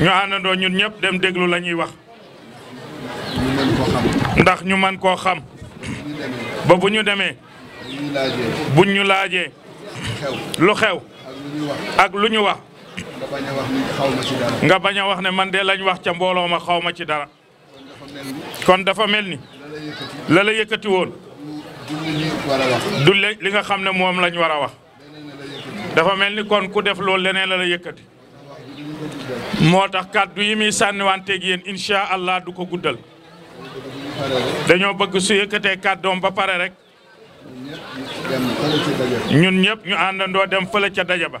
ñu àndandoo ñun ñëpp dem déglu lañuy wax ndax ñu man koo xam ba bu ñu demee buñ ñu laajee lu xew ak lu ñu wax nga bañ a wax ni ne man de lañ wax ca mbooloo ma xaw ci dara. kon dafa mel ni. lala la yëkkati woon. du li nga xam ne moom lañ war a wax. dafa mel ni kon ku def loolu leneen la la yëkkati. moo tax kàddu yi muy sànniwanteeg yéen incha allah du ko guddal. dañoo bëgg su yëkkatee kàddoom ba pare rek. ñun ñëpp ñu àndandoo dem fële ca daja ba.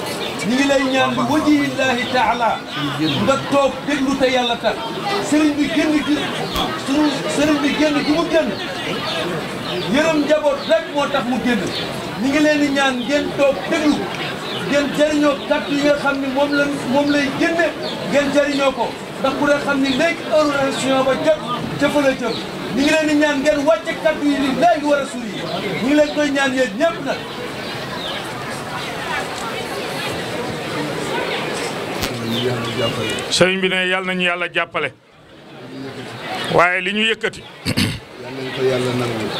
ñi ngi lay ñaan bi wajihillahi taala nga toog déglu te yàlla tax sëriñ bi génn gi sunu sëriñ bi génn gi mu génn yërëm njaboot rek moo tax mu génn ñi ngi leen di ñaan ngeen toog déglu ngeen jëriñoo kàddu yi nga xam ne moom lay génne ngeen jëriñoo ko ndax ku ne xam ni léegi heure élection ba jot jëfa la jëm ñi ngi leen ñaan ngeen wàcce kàddu yi li léegi war a suur yi ñi koy ñaan yéen ñëpp nag sëriñ bi ne yàlla nañu yàlla jàppale. waaye li ñu yëkkati.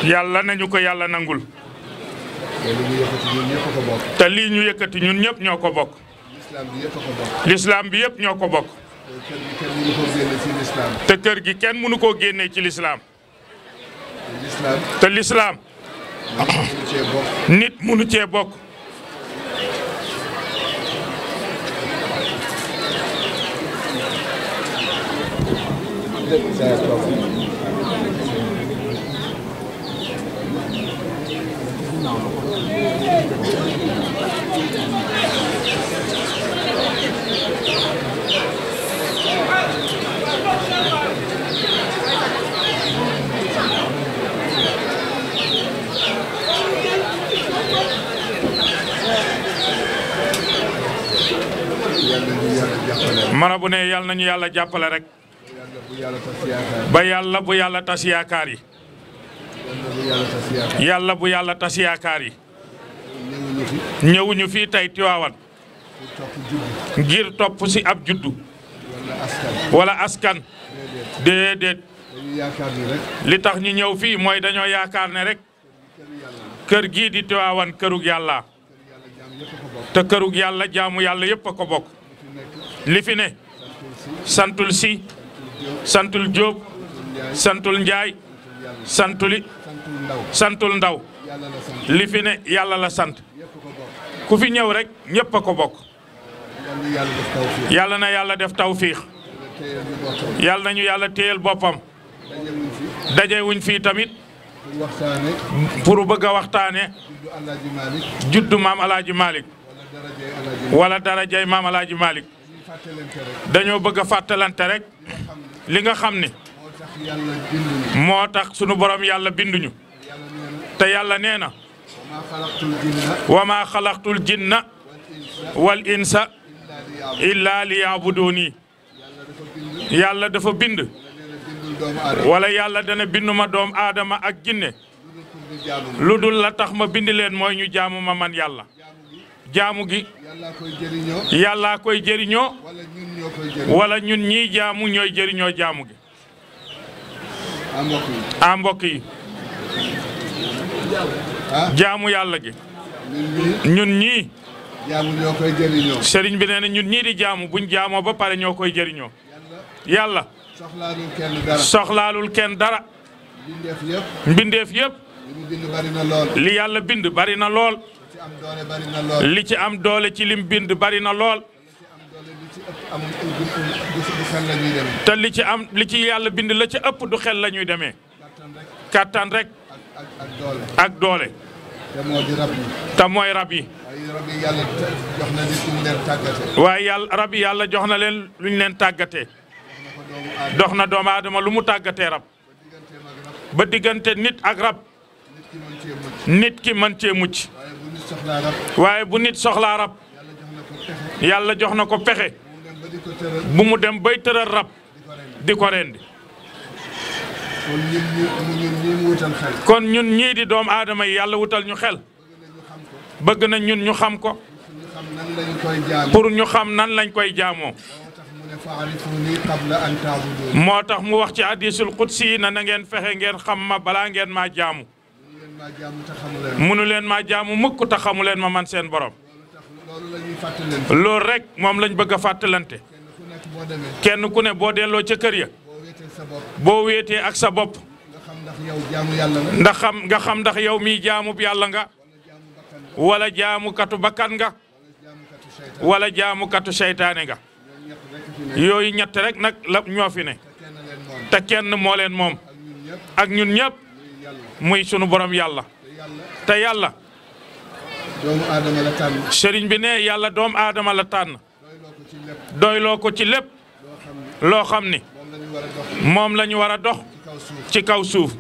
yàlla nañu ko yàlla nangul. te lii ñu yëkkati ñun ñëpp ñoo ko bokk. lislaam bi yëpp ñoo ko bokk. te kër gi kenn mënu koo génnee ci lislaam te lislaam nit mënu cee bokk. mara bu ne yàlla nañu yàlla jàppale rek ba yàlla bu yàlla tas yaakaar yi yàlla bu yàlla tas yaakaar yi ñëwuñu fii tey Tiwaawan ngir topp ci ab juddu wala askan déedéet li tax ñu ñëw fii mooy dañoo yaakaar ne rekk kër gi di Tiwaawan kërug yàlla te kërug yàlla jaamu yàlla yëpp a ko bokk li fi ne santul si santul Diop santul Ndiaye santuli santul Ndaw li fi ne yàlla la sant ku fi ñëw rekk ñëpp a ko bokk yàlla na yàlla def tawfiix yàlla nañu yàlla téyel boppam daje wuñ fii tamit pour bëgg waxtaane juddu maam alaaji Malick wala darajay maam alaaji Malick dañoo bëgg a rek li nga xam ne moo tax sunu borom yàlla binduñu te yàlla nee na wa maa xalaqtul jinna wal insa illaa li yaabuduuni yàlla dafa bind wala yàlla dana binduma doom aadama ak jinne lu dul la tax ma bind leen mooy ñu jaamuma man yàlla jaamu gi yàllaa koy jëriñoo yàllaa koy jëriñoo ñun ñoo koy ñii jaamu ñooy jëriñoo jaamu gi a ah, mbokk yi a ah, ah? jaamu yàlla gi ñun ñii jaamu bi nee ñun ñii di jaamu buñ jaamoo ba pare ñoo koy jëriñoo yàlla soxlaalul kenn dara mbindeef yëpp bind bari li yàlla bind bari na lool li ci am doole ci lim bind bari na lool. te li ci am li ci yàlla bind la ci ëpp du xel la ñuy demee. kattan rek. ak doole. te mooy rab yi. waaye yàlla rab yàlla jox na leen luñ leen tàggatee. dox na doomu aadama lu mu tàggatee rab. ba diggante nit ak rab. nit ki mën cee mucc. waaye bu nit soxlaa rab yàlla jox na ko pexe bu mu dem bay tëral rab di ko rendi kon ñun ñii di doom aadama yi yàlla wutal ñu xel bëgg na ñun ñu xam ko pour ñu xam nan lañ koy jaamoo moo tax mu wax ci hadisul qudsi na na ngeen fexe ngeen xam ma balaa ngeen maa jaamu munu leen maa jaamu mukk te xamu leen ma man seen borom. loolu rek moom lañ bëgg a fàttalante. kenn ku ne boo delloo ca kër ya. boo wéetee ak sa bopp. ndax xam nga xam ndax yow mi jaamu yàlla nga. wala jaamukatu bakkan nga. wala jaamukatu seytaane nga. yooyu ñett rek nag la ñoo kenn moo moom. ak ñun ñëpp. muy sunu borom yàlla te yàlla sëriñ bi ne yàlla doomu aadama la tànn doyloo ko ci lépp loo xam ni moom la war a dox ci kaw suuf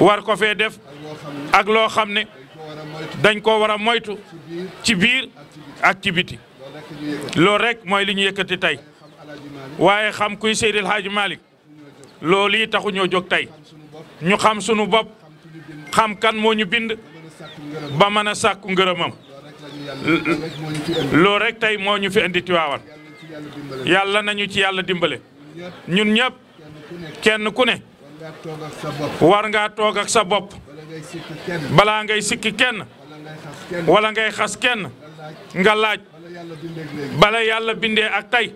war ko fee def ak loo xam ne dañ ko war a moytu ci biir ak ci biti loolu rek mooy li ñu yëkkati waaye xam kuy Seydil Hadji Malick loolu taxu ñoo jóg tey ñu xam sunu bopp xam kan moo ñu bind ba mën a sàkku ngërëmam loolu rek tey moo ñu fi indi Tiwaawan yàlla nañu ci yàlla dimbale ñun ñëpp kenn ku ne war ngaa toog ak sa bopp balaa ngay sikki kenn wala ngay xas kenn nga laaj bala yàlla bindee ak tey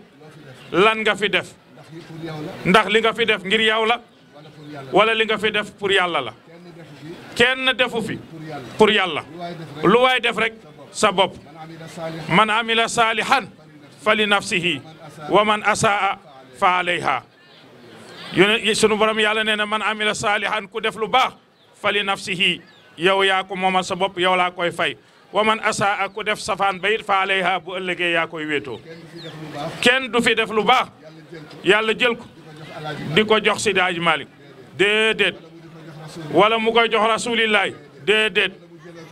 lan nga fi def ndax li nga fi def ngir yow la wala li nga fi def pour yàlla la na defu fi pour yàlla lu waay def rek sa bopp man amila saalihan fa li nafsihi wa man asaa fa alayha sunu borom yàlla nee na man amila saalihan ku def lu baax fa li nafsihi yow yaa ko moomal sa bopp yow laa koy fay wa man asaa ku def safaan bayit fa alayha bu ëllëgee yaa koy wéetoo kenn du fi def lu baax yàlla jël di ko jox si daaj Malick déedéet wala mu koy jox rasulillahi déedéet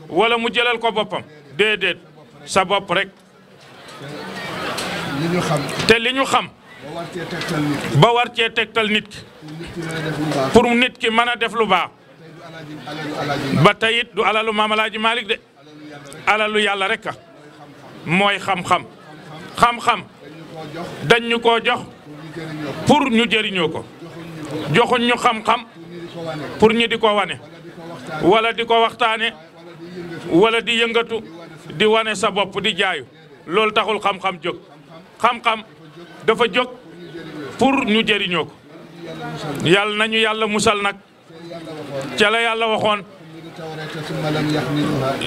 wala mu jëlal ko boppam déedéet sa bopp rek te li ñu xam ba war cee tegtal nit ki pour nit ki mën a def lu baax ba tayit du alalu maam alaaji de alalu yàlla rek a mooy xam-xam xam-xam dañ ñu koo jox pour ñu jëriñoo ko joxuñ ñu xam-xam pour ñu di ko wane walla di ko waxtaane wala di yëngatu di wane sa bopp di jaayu loolu taxul xam-xam jóg xam-xam dafa jóg pour ñu jëriñoo ko yàlla nañu yàlla musal nag ca yàlla waxoon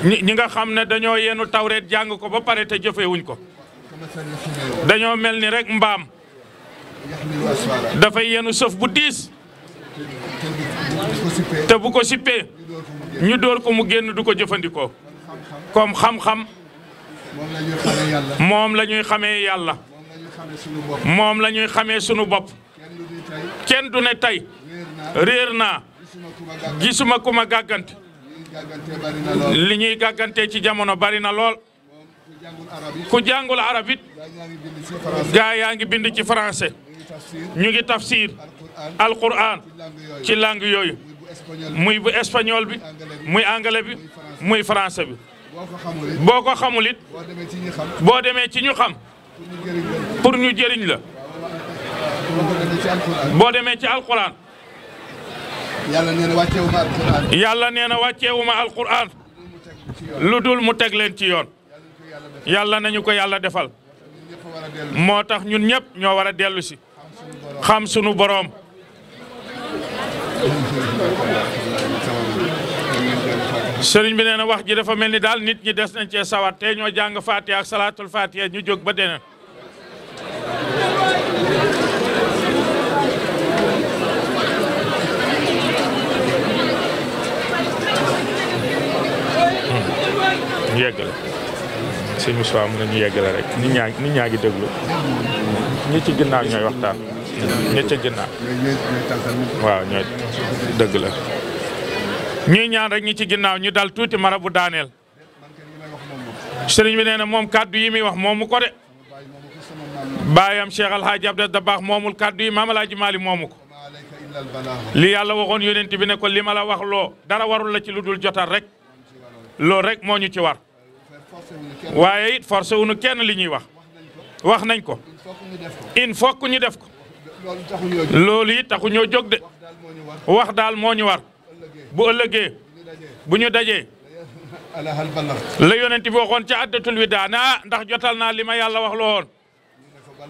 ñi nga xam ne dañoo yenu tawreet jàng ko ba pare te jëfewuñ ko dañoo mel ni rek mbaam dafa yenu sëf bu diis te bu ko sippee ñu door ko mu génn du ko jëfandikoo comme xam-xam moom lañuy xamee yàlla moom la xamee sunu bopp kenn du ne tey réer naa gisuma ku a gàggant li ñuy gàggantee ci jamono bari na lool ku jàngul arab it gaa yaa ngi bind ci français ñu ngi tafsir alquran ci langue yooyu muy bu espagnol bi muy anglais bi muy français bi boo ko xamul it boo demee ci ñu xam pour ñu jëriñ la boo demee ci alquran yàlla nee na wàcceewuma alquran yàlla lu dul mu teg leen ci yoon yàlla nañu ko yàlla defal moo tax ñun ñëpp ñoo war a dellu xam sunu boroom sëriñ bi nee na wax ji dafa mel ni daal nit ñi des nañ cee sawat te ñoo jàng fatiha ak salaatul fatiha ñu jóg ba deneen hmm. ñu yeggale sëñ Moussa mu ne ñu yeggale rek nit ñaa nit déglu ñi ci ginnaaw ña ca ginnaaw waaw ñooy dëgg la ñuy ñaan rek ñi ci ginnaaw ñu dal tuuti mara bu daaneel sëriñ bi nee na moom kàddu yi muy wax moomu ko de baayam Cheikh Alhaaji Abdou baax moomul kàddu yi maam Alhaaji Maali moomu ko li yàlla waxoon yonent bi ne ko li wax loo dara warul la ci lu dul jotal rek loolu rek moo ñu ci war waaye it forcé wuñu kenn li ñuy wax wax nañ ko in fokk ñu def ko loolu yi taxu ñoo jóg de wax daal moo ñu war bu ëllëgee bu ñu dajee la yonent bi waxoon ca addatul widaa naa ndax jotal naa li ma yàlla wax loo woon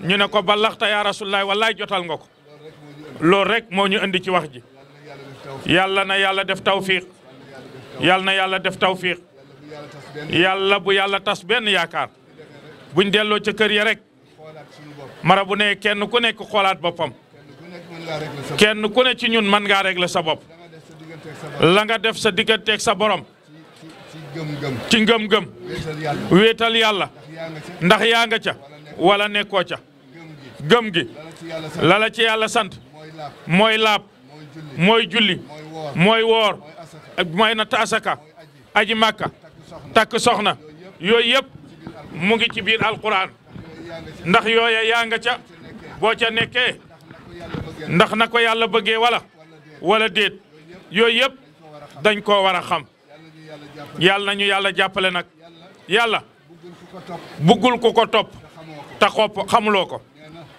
ñu ne ko ballaxta yaa rasulullaah wallaay jotal nga ko rek moo ñu indi ci wax ji yàlla na yàlla def tawfiq yàlla na yàlla def tawfiq yàlla bu yàlla tas benn yaakaar buñ delloo ca kër ya rek mara bu ne kenn ku nekk xoolaat boppam kenn ku ne ci ñun mën ngaa régler sa bopp la nga def sa digga teeg sa borom ci ngëm-ngëm wéetal yàlla ndax yaa nga ca wala nekkoo ca gëm gi lala ci yàlla sant mooy laab mooy julli mooy woor mooy natt asaka aji màkka takk soxna yooyu yëpp mu ngi ci biir alquran ndax yooya yaa nga ca boo ca nekkee ndax na ko yàlla bëgge wala wala déet yooyu yëpp dañ koo war a xam yàlla nañu yàlla jàppale nag yàlla buggul ko ko topp te xopp xamuloo ko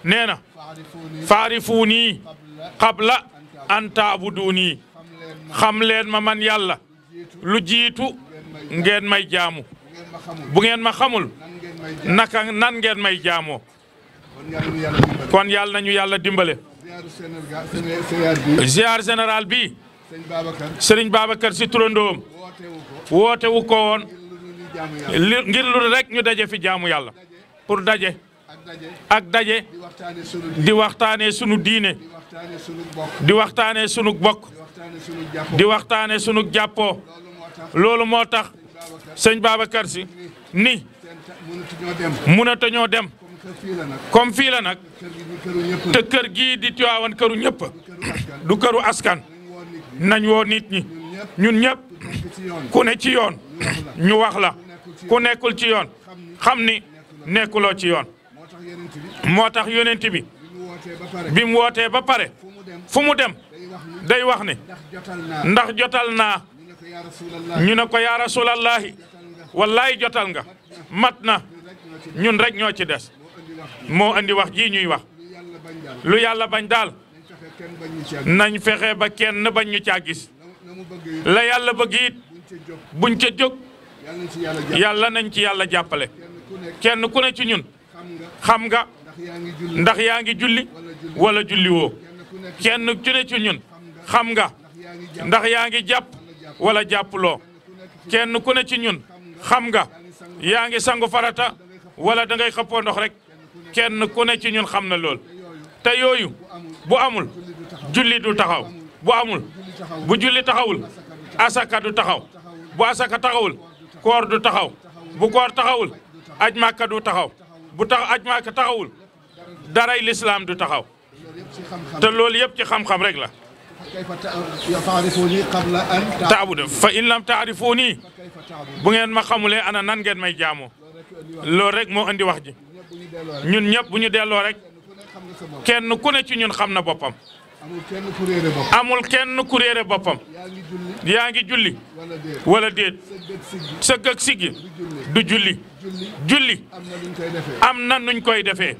nee na faarifuuni qabla an taabuduuni xam leen ma man yàlla lu jiitu ngeen may jaamu bu ngeen ma xamul naka nan ngeen may jaamoo kon yàlla nañu yàlla dimbale ziar général bi sëriñ Babacar si turandoom woote ko woon ngir lu rek ñu daje fi jaamu yàlla pour daje ak daje di waxtaane sunu diine di waxtaanee sunu bokk di waxtaanee sunu jàppoo loolu moo tax sëñ Babacar si ni mënatu ñoo dem. comme fii nag. te kër gi di Tiwaawan këru ñëpp. du këru askan. nañ woo nit ñi. ñun ñëpp ku ne ci yoon. ñu wax la ku nekkul ci yoon. xam ni nekkuloo ci yoon. moo tax yonent bi. bi wootee ba pare. fu mu dem. day wax ne. ndax jotal naa. ñu ne ko yaa rasulallahi. wallaay jotal nga. mat na ñun rek ñoo ci des moo indi wax ji ñuy wax lu yàlla bañ daal nañ fexe ba kenn bañ ñu caa gis la yàlla bëgg it buñ ca jóg yàlla nañ ci yàlla jàppale kenn ku ne ci ñun xam nga ndax yaa ngi julli wala julli woo kenn ku ne ci ñun xam nga ndax yaa ngi jàpp wala jàppuloo kenn ku ne ci ñun xam nga yaa ngi sangu farata wala da ngay xëppoo ndox rek kenn ku ne ci ñun xam na lool te yooyu bu amul julli du taxaw bu amul bu julli taxawul asaka du taxaw bu asaka taxawul koor du taxaw bu koor taxawul aj màkka du taxaw bu tax aj màkka taxawul daray lislaam du taxaw te loolu yëpp ci xam-xam rek la taabu de fa in lam taarifuu nii bu ngeen ma xamulee ana nan ngeen may jaamoo loolu rek moo indi wax ji ñun ñëpp bu ñu delloo rek kenn ku ne ci ñun xam na boppam. amul kenn ku réere boppam yaa ngi julli wala déet sëgg ak siggi du julli julli am na nuñ koy defee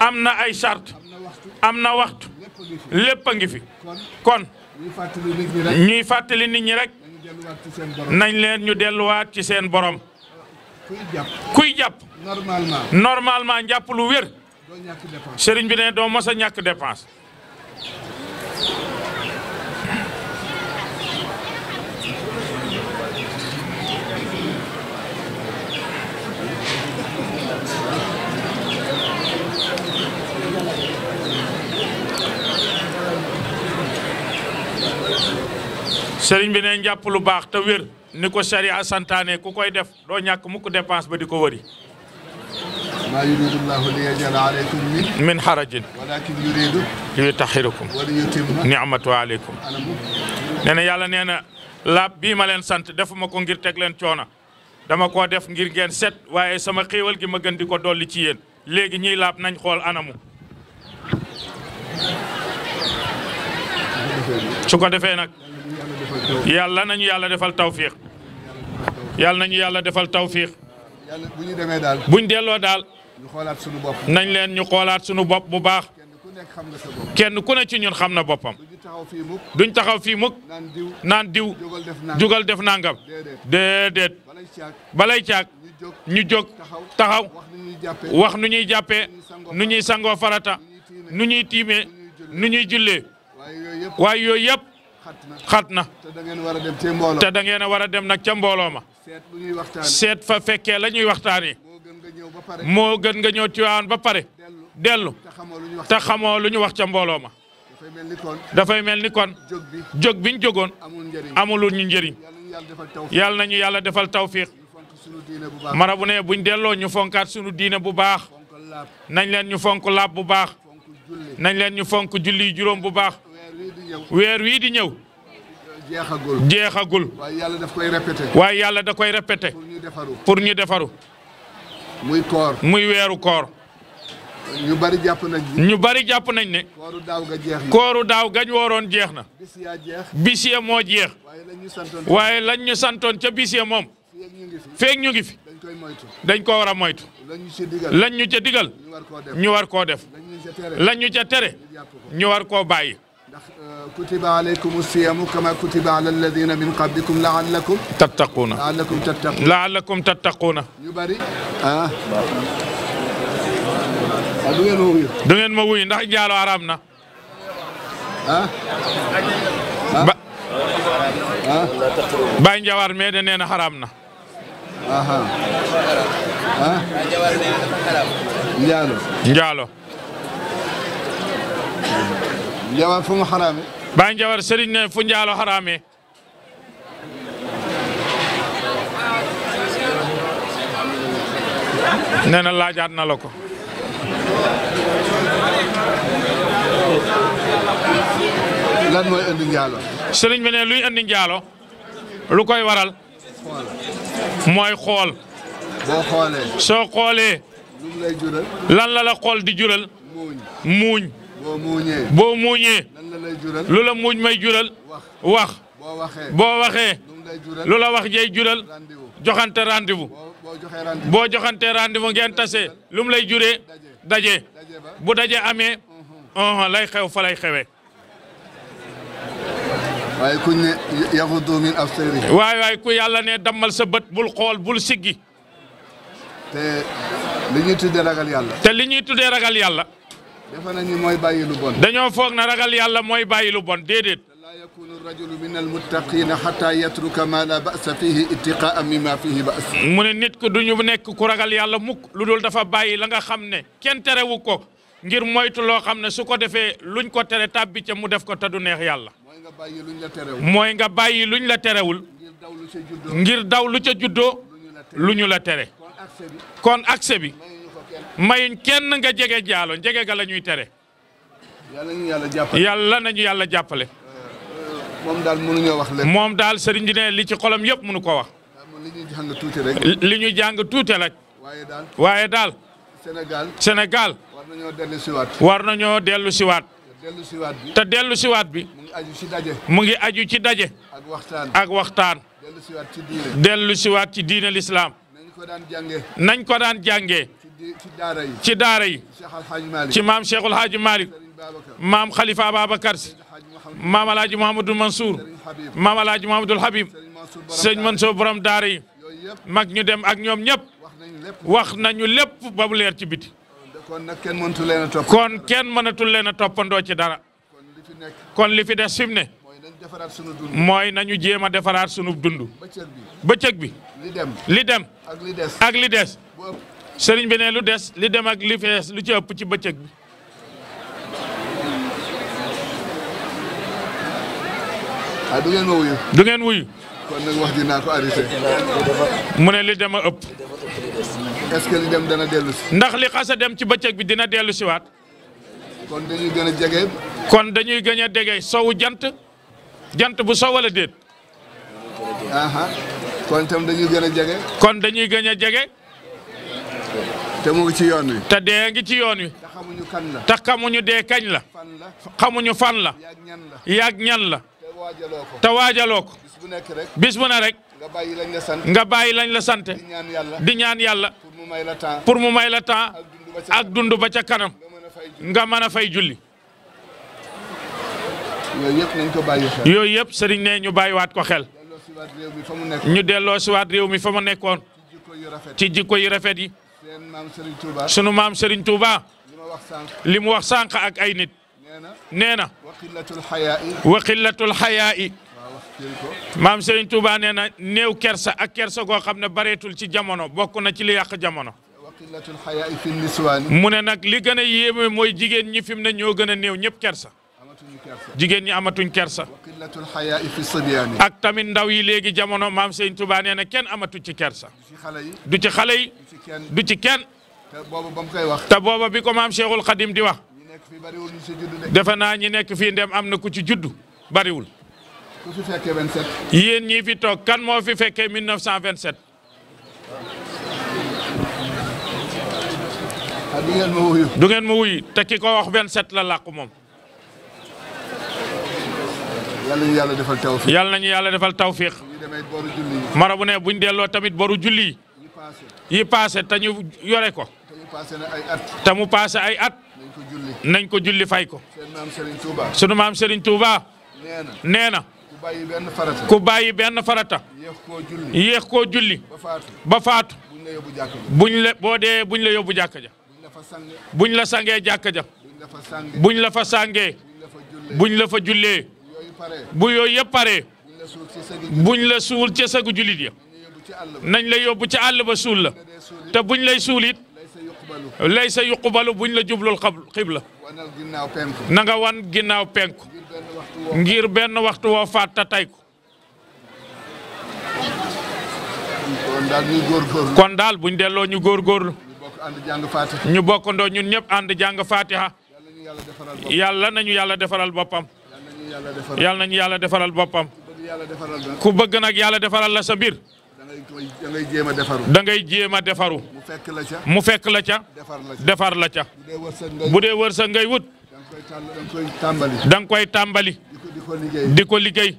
am na ay charte am na waxtu lépp a ngi fi kon ñuy fàttali nit ñi rek nañ leen ñu delluwaat ci seen borom. kuy jàpp kuy normalement njàpp lu wér. sëriñ bi ne doo mos a ñàkk dépense. sëriñ bi ne jàpp lu baax te wér ni ko sariya santaane ku koy def doo ñàkk mukk dépense ba di ko wëri maa yuridu llaahu li yajala aleykum min harajin yuridu li yutahhirakum wa li aleykum nee yàlla nee na laab bii ma leen sant defuma ko ngir teg leen coona dama koo def ngir ngeen set waaye sama xéewal gi ma gën di ko dolli ci yéen léegi ñiy laab nañ xool anamu su ko defee yàlla nañu yàlla defal tawfiq yàlla nañu yàlla defal tawfiq bu ñu demee daal buñ delloo daal ñu xoolaat suñu bopp nañ leen ñu xoolaat sunu bopp bu baax kenn ku ne ci ñun xam na boppam ñu taxaw fii mukk naan diw jugal def nangam déedéet balay caag ñu jóg taxaw wax nu ñuy jàppee nu ñuy sangoo farata nu ñuy tiime nu ñuy jullee waaye yooyu yëpp xat na te da ngeen war a dem ca mbooloo te da ngeen a war a dem nag ca mbooloo ma seet fa fekkee la ñuy waxtaanee moo gën nga ñëw Tiwaawan ba pare dellu te xamoo lu ñu wax ca mbooloo ma dafay mel ni kon jóg biñ jógoon amulul ñu njëriñ yàlla nañu yàlla defal tawfiix marabu ne buñ delloo ñu fonkaat sunu diine bu baax nañ leen ñu fonk laab bu baax nañ leen ñu fonk julli juróom bu baax weer wii di ñëw. jeexagul jeexagul. waaye yàlla daf koy répété. waaye yàlla da koy répété. pour ñu defaru pour ñu defaru. muy koor muy weeru koor. ñu bari jàpp nañ ne. ñu bari jàpp nañ ne. kooru daaw ga jeex na daaw gañ waroon jeex na. bis yaa jeex. bis moo jeex. waaye lañ ñu santoon waaye lañ ñu santoon ca bis moom. feeg ñu ngi fi. dañ koy moytu dañ ko war a moytu. lañ ñu ca digal lañ ñu ca war koo def ñu koo def. lañ ñu ca tere. ñu war koo bàyyi. ndax euh, kutiba alaykum siyamu kama kutiba ala alladina min qablikum laallakum tattaquuna laallakum tattaquuna laallakum tattaquuna ñu bëri ah. ah du ngeen ma wuyu du ngeen ma wuyu ndax njaalo araam na ah, ah. ba ah Baye Njawar mais de nee na xaraam na aha ah njaalo njaalo njawar fu mu xaraame Baye Njawar sëriñ ne fu njaalo xaraame nee na laajaat na la ko lan mooy indi njaalo sëriñ bi ne luy indi njaalo lu koy waral mooy xool boo xoolee soo xoolee lan lala la xool di jural muuñ muuñ boo muuñee lu la muuñ may jural wax boo waxee lu la wax jay jural joxante rendez-vous boo joxante rendez-vous ngeen tase lu mu lay juree daje bu daje amee uh-huh. Uh-huh, lay xew fa lay xewee. waaye ku ne yafudu min waay waay yàlla ne dammal sa bët bul xool bul siggi te li ñuy ragal yàlla defe mooy bàyyi lu bon. dañoo foog na ragal yàlla mooy bàyyi lu bon déedéet. laa yakunu rajulu min almuttaqina xata yatruka ma la basa fihi ittiqaa mima fihi bas. mu ne nit ku duñu nekk ku ragal yàlla mukk lu dul dafa bàyyi la nga xam ne kenn terewu ko ngir moytu loo xam ne su ko defee luñ ko tere tàbbi ca mu def ko te du neex yàlla. mooy nga bàyyi luñ la terewul. mooy nga bàyyi luñ la terewul. ngir daw lu ca juddoo. ngir daw lu ca juddoo. lu ñu la tere. mayuñ kenn nga jege jaalo jege ga ñuy tere. yàlla nañu yàlla jàppale yàlla nañu yàlla jàppale. Euh, moom daal mënuñoo wax lépp moom daal sëriñ bi ne li ci xolam yëpp mënu ko wax. li ñu jàng tuuti rek. li ñu jàng tuuti rek. waaye daal waaye daal. Sénégal Sénégal. war nañoo dellu siwaat. war nañoo dellu siwaat. dellu bi te dellu siwaat bi. mu ngi aju ci daje. mu ngi aju ci daje. ak waxtaan ak waxtaan. dellu siwaat ci diine. dellu siwaat ci diine l'islam. nañ ko daan jàngee. nañ ko daan jàngee. ci daara yi ci daara yi ci maam Cheikhul Hadji Malick maam Khalifa Ababacar Sy maam El Hadji Mouhamadou Mansour maam El Hadji Mouhamadoul Habib sëñ Mansour borom daara yi mag ñu dem ak ñoom ñëpp wax nañu lépp ba mu leer ci biti. kon kenn mënatul leen a toppandoo kenn mënatul leen a toppandoo ci dara kon li fi des fi ne. mooy nañu jéem a defaraat sunu dund. bëccëg bi li dem. li dem ak li des. sëriñ bi ne lu des li dem ak li fees lu ci ëpp ci bëccëg bi ah du ngeen wuyu. du ngeen wuyu. wax ji mu ne li dem a ëpp. est que li dem dana dellusi ndax li xas a dem ci bëccëg bi dina dellu waat. kon dañuy gën a jege. kon dañuy gën a dege sowu jant. jant bu sow wala déet. kon itam dañuy gën a jege. kon dañuy gën a jege. te mu ngi ci yoon wi. te dee ngi ci yoon wi. te xamuñu kan la. ta xamuñu dee kañ la. fan la xamuñu fan la. yaag ñan la yaag ñan la. waajaloo ko te waajaloo ko. bis bu nekk rek. bis bu ne rek. nga bàyyi lañ la sant. nga bàyyi lañ la sant. di ñaan yàlla di ñaan yàlla. mu may la temps pour mu may la temps. ak dund ba ca kanam nga mën a fay julli. yooyu yëpp nañ ko bàyyi xel. yooyu yëpp sëriñ ne ñu bàyyiwaat ko xel. ñu delloo si waat réew mi fa mu nekkoon. ci jikko yu rafet yi. sunu maam Serigne Touba li mu wax sànq ak ay nit nee na wa qillatul xayaa'i maam Serigne Touba nee na néew kersa ak kersa goo xam ne bareetul ci jamono bokk na ci li yàq jamono. mu ne nag li gën a yéeme mooy jigéen ñi fi mu ne ñoo gën a néew ñëpp kersa. jigéen ñi amatuñ kersa. ak tamit ndaw yi léegi jamono maam Serigne Touba nee na kenn amatu ci kersa. du ci xale du ci kenn. te booba ba koy wax. te booba bi ko maam Cheikhul Khadim di wax. defe naa ñi nekk fii ndem am na ku ci judd bariwul. ku fekkee 27. yéen ñii fi toog kan moo fi fekkee 1927. ah du ngeen ma wuyu. du ngeen ma te ki ko wax 27 la làqu moom. yàlla nañu yàlla defal tawfiq. yàlla nañu yàlla defal tawfiq. mara bu ne buñ delloo tamit boru julli. yi paase te ñu yore ko. te mu paase ay at. nañ ko julli fay ko. sunu maam Serigne Touba. nee na. ku bàyyi benn farata. yéex koo julli. ba faatu. buñ la boo dee buñ la yóbbu jàkka ja. buñ la sangee jàkka ja. buñ la fa sangee. buñ la fa jullee. bu yooy yëpp paree. buñ la suul ca sagu jullit nañ la yóbbu ci àll ba suul la te buñ lay suul it lay sa yuqbalu buñ la jublul xibla na wan ginnaaw penku ngir benn waxtu woo faat ta tay ko kon daal buñu delloo ñu góor góorgóorlu ñu bokkandoo ñun ñëpp ànd jàng fatiha yàlla nañu yàlla defaral boppam yàlla nañu yàlla defaral boppam ku bëgg nag yàlla defaral la sa mbir da ngay jéem a defaru. da ngay jéem a defaru. mu fekk la ca. mu fekk la ca. defar la ca. bu dee wërsëg ngay wut. da nga koy tàmbali. koy tàmbali. di ko liggéey di ko liggéey.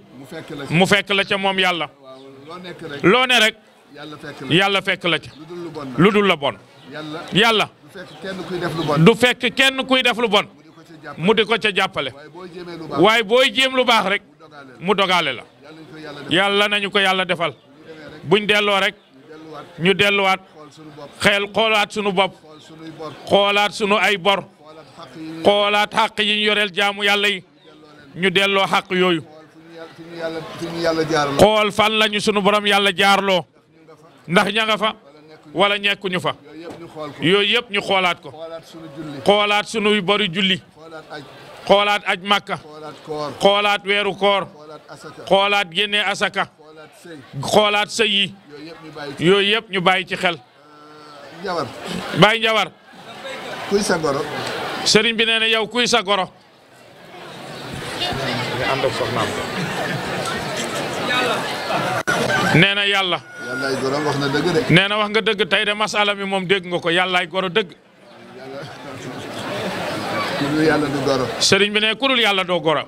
mu fekk la ca moom yàlla. loo ne rek. yàlla fekk la ca. lu dul la bon. yàlla. du fekk kenn kuy def lu bon. mu di ko ca jàppale. waaye booy jéem lu baax rek. mu dogaale la. yàlla nañu ko yàlla defal. bu ñu delloo rek ñu delluwaat xel xoolaat sunu bopp xoolaat sunu ay bor xoolaat xàq yi ñu yoreel jaamu yàlla yi ñu delloo xàq yooyu xool fan lañu sunu borom yàlla jaarloo ndax ña fa wala ñekkuñu fa yooyu yëpp ñu xoolaat ko xoolaat sunuy bori julli xoolaat aj màkka xoolaat weeru koor xoolaat génnee asaka xoolaat sëy yooyu yëpp ñu bàyyi ci xel. Njawar bàyyi Njawar. kuy sa goro. sëriñ bi nee na yow kuy sa goro. nga nee na yàlla. yàllaay goro wax na dëgg nee na wax nga dëgg tey de masala mi moom dégg nga ko yàllaay goro dëgg. yàlla ku dul yàlla du sëriñ bi nee ku yàlla doo goro.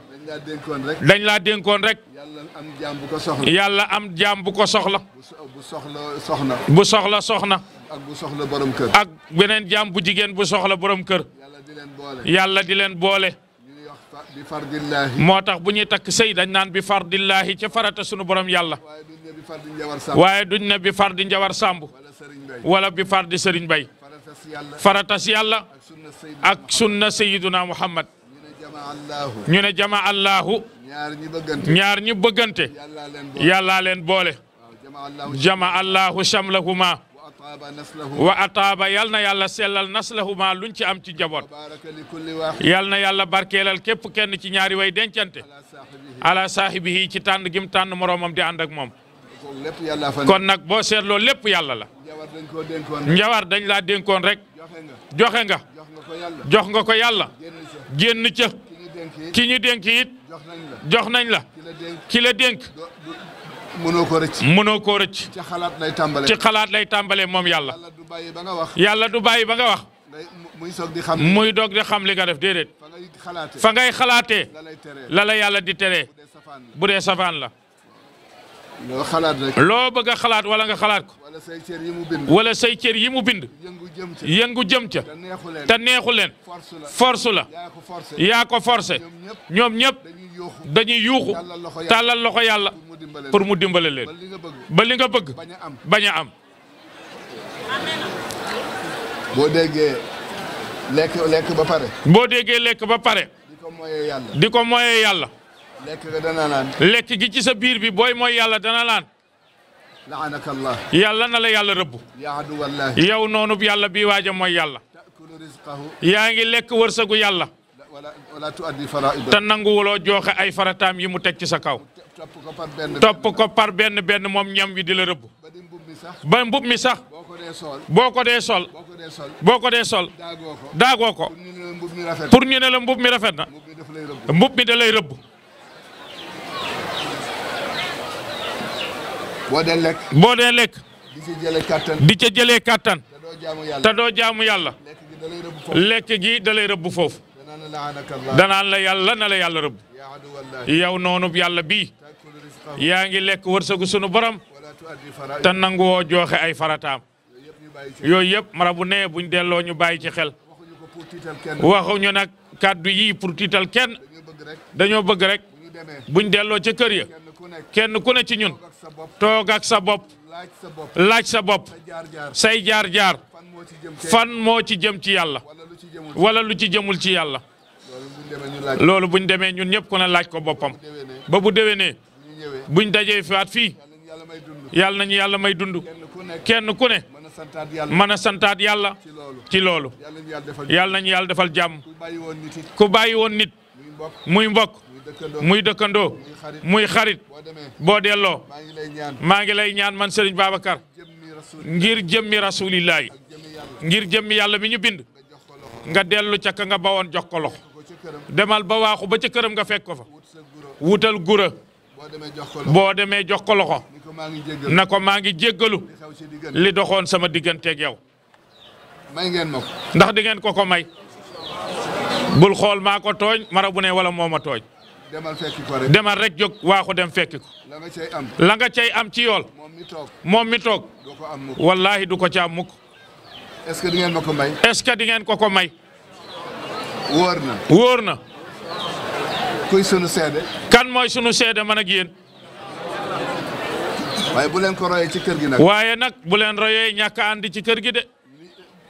dañ laa dénkoon rek. yàlla am jaam bu ko soxla. yàlla am jaam bu ko soxla. bu soxla soxna. bu soxla soxna. ak bu soxla borom kër. ak beneen jaam bu jigéen bu soxla borom kër. yàlla di leen boole. yàlla di leen boole. bi fardillaahi. moo tax bu ñuy takk sëy dañ naan bi fardillaahi ca farata sunu borom yàlla. waaye duñ ne bi fardi njawar sàmb. wala bi fardi sëriñ bay. farata si yàlla. ak sunna sayyiduna Muhammad ñu ne jama allahu ñaar ñi bëggante yàllaa leen boole jama allahu shamlahuma wa ataaba yal na yàlla sellal naslahuma luñ ci am ci njaboot yal na yàlla barkeelal képp kenn ci ñaari way dencante ala saahibihi ci tànn gim tànn moroomam di ànd ak moom kon nag boo seetloo lépp yàlla la njawar dañ laa dénkoon rek joxe nga jox nga ko yàlla génn ca ki ñu dénk it jox nañ la ki la dénk mënoo ko rëcc mënoo ko rëcc ci xalaat lay tàmbalee ci xalaat lay moom yàlla yàlla du bàyyi ba nga wax yàlla du bàyyi ba nga wax muy soog di xam muy doog di xam li nga def déedéet fa ngay xalaatee la la yàlla di teree bu dee safaan la loo xalaat loo bëgg xalaat wala nga xalaat ko. wala say cër yi mu bind. wala say yi mu bind. yëngu jëm ca yëngu jëm ca. te neexu leen force la. yaa ko forcé ñoom ñëpp dañuy yuuxu tàllal loxo yàlla pour mu dimbale leen. ba li nga bëgg bañ a am. boo déggee lekk lekk ba pare. boo déggee lekk ba pare. di ko moyee yàlla. lekk ga dana naan. lekk gi ci sa biir bi booy mooy yàlla dana naan. laanaka yàlla na la yàlla rëbb. yaadu wallahi. yow noonu yàlla bii waaja mooy yàlla. yaa ngi lekk wërsëgu yàlla. wala wala tu addi faraida. te nangu wuloo jooxe ay farataam yi mu teg ci sa kaw. topp ko par benn ko par benn benn moom ñam wi di la rëbb. ba mbub mi sax. boo ko dee sol. boo ko dee sol. boo ko dee sol. daagoo ko. pour ñu ne la mbub mi rafet na. mbub mi da lay rëbb. boo dee lekk boo dee lekk. di ca jëlee kattan di ca jëlee kattan. doo jaamu yàlla doo jaamu yàlla. lekk gi da lay rëbb foofu. danaan la yàlla na la yàlla rëbb. yow noonu yàlla bii. yaa ngi lekk wërsëgu sunu borom. te nanguwoo jooxe ay farataam. yooyu yëpp marabu nee buñ delloo ñu bàyyi ci xel. waxuñu nag kàddu yii pour tiital kenn. dañoo bëgg rek. buñ delloo ca kër ya. kenn ku ne ci ñun toog ak sa bopp laaj sa bopp say jaar-jaar fan moo ci jëm ci yàlla wala lu ci jëmul ci yàlla loolu bu ñu demee ñun ñëpp ku ne laaj ko boppam ba bu bu ñu dajee fi faat fii yàlla nañu yàlla may dund kenn ku ne mën a santaat yàlla ci loolu yàlla nañu yàlla defal jàmm ku bàyyi woon nit muy mbokk muy dëkkandoo muy xarit boo delloo maa ngi lay ñaan man Serigne Babacar ngir jëmmi rasulillah ngir jëmmi yàlla mi ñu bind nga dellu ca ka nga bawoon jox ko loxo demal ba waaxu ba ca këram nga fekk ko fa wutal gura boo demee jox ko loxo na ko maa ngi jéggalu li doxoon sama digganteeg yow ngeen ma ndax di ngeen ko ko may bul xool maa ko tooñ mara bu ne wala moo ma tooñ demal fekki ko rek jog rek jóg waaxu dem fekki ko. la nga cay am la nga cay am ci yool. moom mi toog moom mi toog. du ko am mukk wallaahi ko ca am mukk. est-ce que di ngeen ma ko may. est-ce que di ngeen ko ko may. wóor na wóor na. kuy sunu seede. kan mooy sunu seede man a yéen. waaye bu leen ko royee ci kër gi nag. waaye nag bu leen royee ñàkk ci kër gi de.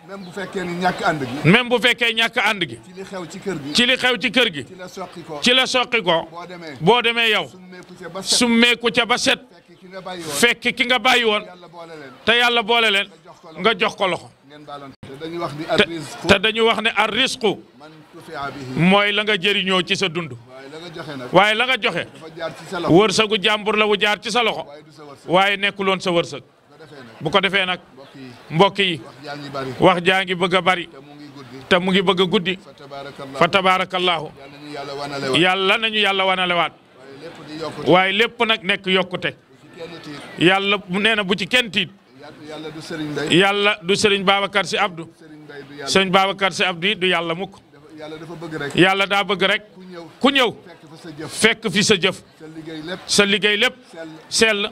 même bu fekkee ni ñàkk ànd gi. même bu fekkee ñàkk ànd gi. ci li xew ci kër gi. ci xew ci kër gi. ci la soqi ko ci la soqi boo demee boo demee yow. summeeku ca ba set. fekk ki nga bàyyi woon. te yàlla boole leen. nga jox ko loxo. te dañu wax ni ar te dañu wax ne ar risqu. mooy la nga jëriñoo ci sa dund. waaye la nga joxe. wërsëgu jàmbur la wu jaar ci sa loxo. waaye nekkuloon sa wërsëg. bu ko defee nag. mbokk yi wax jaa ngi bëgg a bari te mu ngi bëgg a guddi fa tabaarakallaahu yàlla nañu yàlla wanalewaat waaye lépp nag nekk yokkute yàlla nee na bu ci kenn tiit yàlla du Serigne Babacar si Abdou Serigne Babacar si Abdou yi du yàlla mukk yàlla daa bëgg rek ku ñëw fekk fi sa jëf sa liggéey lépp sell